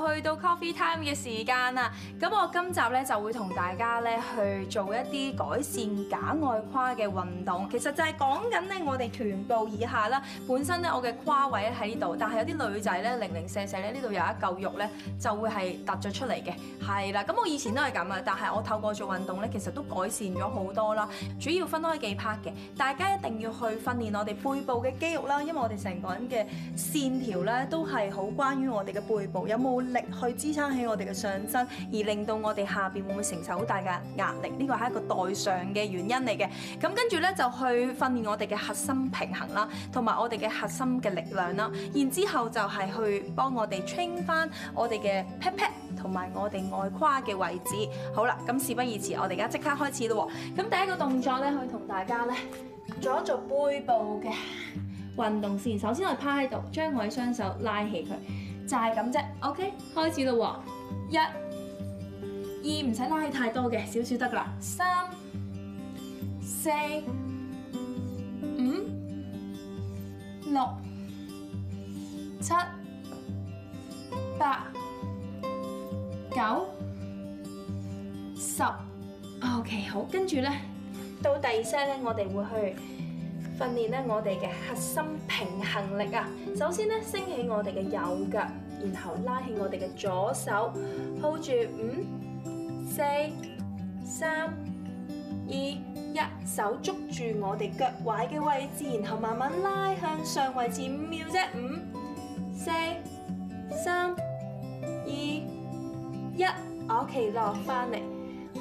去到 coffee time 嘅時間啦，咁我今集咧就會同大家咧去做一啲改善假外胯嘅運動，其實就係講緊咧我哋臀部以下啦，本身咧我嘅胯位喺度，但係有啲女仔咧零零舍舍咧呢度有一嚿肉咧就會係凸咗出嚟嘅。係、嗯、啦，咁我以前都係咁啊，但係我透過做運動咧，其實都改善咗好多啦。主要分開幾分 part 嘅， 大家一定要去訓練我哋背部嘅肌肉啦，因為我哋成個人嘅線條咧都係好關於我哋嘅背部有冇。力去支撐起我哋嘅上身，而令到我哋下邊會唔會承受好大嘅壓力？呢個係一個代償嘅原因嚟嘅。咁跟住咧就去訓練我哋嘅核心平衡啦，同埋我哋嘅核心嘅力量啦。然之後就係去幫我哋 train 翻我哋嘅屁屁，同埋我哋外胯嘅位置。好啦，咁事不宜遲，我哋而家即刻開始咯。咁第一個動作咧，可以同大家咧做一做背部嘅運動先。首先我趴喺度，將我嘅雙手拉起佢。就係咁啫，OK，開始啦喎，一、二，唔使拉起太多嘅，少少得噶啦，三、四、五、六、七、八、九、十，OK，好，跟住咧，到第二聲咧，我哋會去。訓練咧，我哋嘅核心平衡力啊！首先咧，升起我哋嘅右腳，然後拉起我哋嘅左手，hold 住五、四、三、二、一，手捉住我哋腳踝嘅位置，然後慢慢拉向上位置五秒啫，五、四、三、二、一，我企落翻嚟。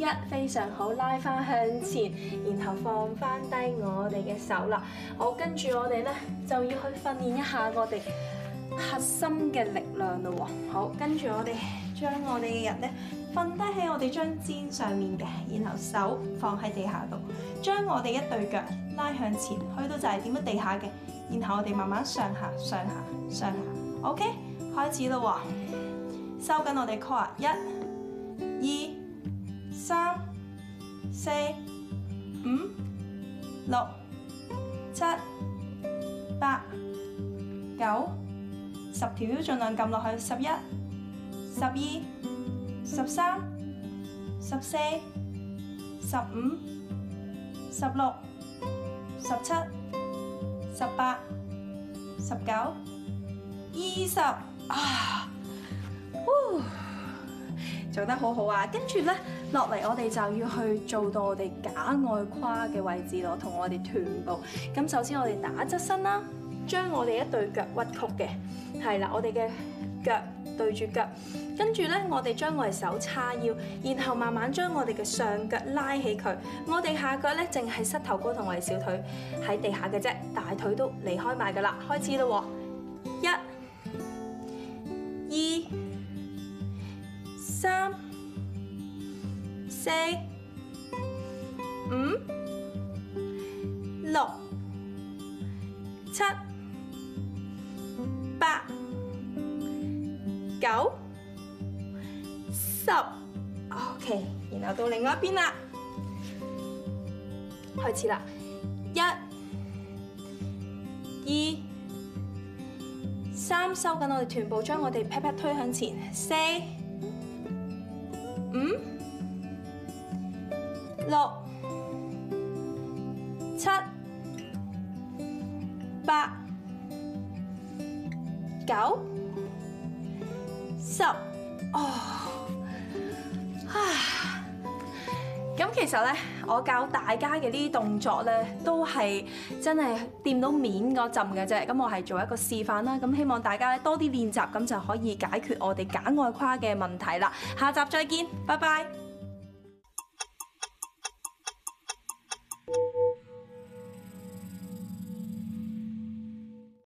一，非常好，拉翻向前，然後放翻低我哋嘅手啦。好，跟住我哋咧就要去訓練一下我哋核心嘅力量咯。好，跟住我哋將我哋嘅人咧瞓低喺我哋張氈上面嘅，然後手放喺地下度，將我哋一對腳拉向前，去到就係點樣地下嘅，然後我哋慢慢上下、上下、上下。OK，開始啦！收緊我哋 core，一、二。三、四、五、六、七、八、九、十條，盡量撳落去。十一、十二、十三、十四、十五、十六、十七、十八、十九、二十。啊，呼！做得好好啊！跟住咧，落嚟我哋就要去做到我哋假外胯嘅位置咯，同我哋臀部。咁首先我哋打側身啦，將我哋一對腳屈曲嘅，係啦，我哋嘅腳對住腳。跟住咧，我哋將我哋手叉腰，然後慢慢將我哋嘅上腳拉起佢。我哋下腳咧，淨係膝頭哥同我哋小腿喺地下嘅啫，大腿都離開埋噶啦，開始咯。四、五、六、七、八、九、十。OK，然後到另外一邊啦，開始啦！一、二、三，收緊我哋臀部，將我哋 pat pat 推向前。四。六、七、八、九、十。哦，啊！咁其實咧，我教大家嘅呢啲動作咧，都係真係掂到面個陣嘅啫。咁我係做一個示範啦。咁希望大家多啲練習，咁就可以解決我哋假外胯嘅問題啦。下集再見，拜拜。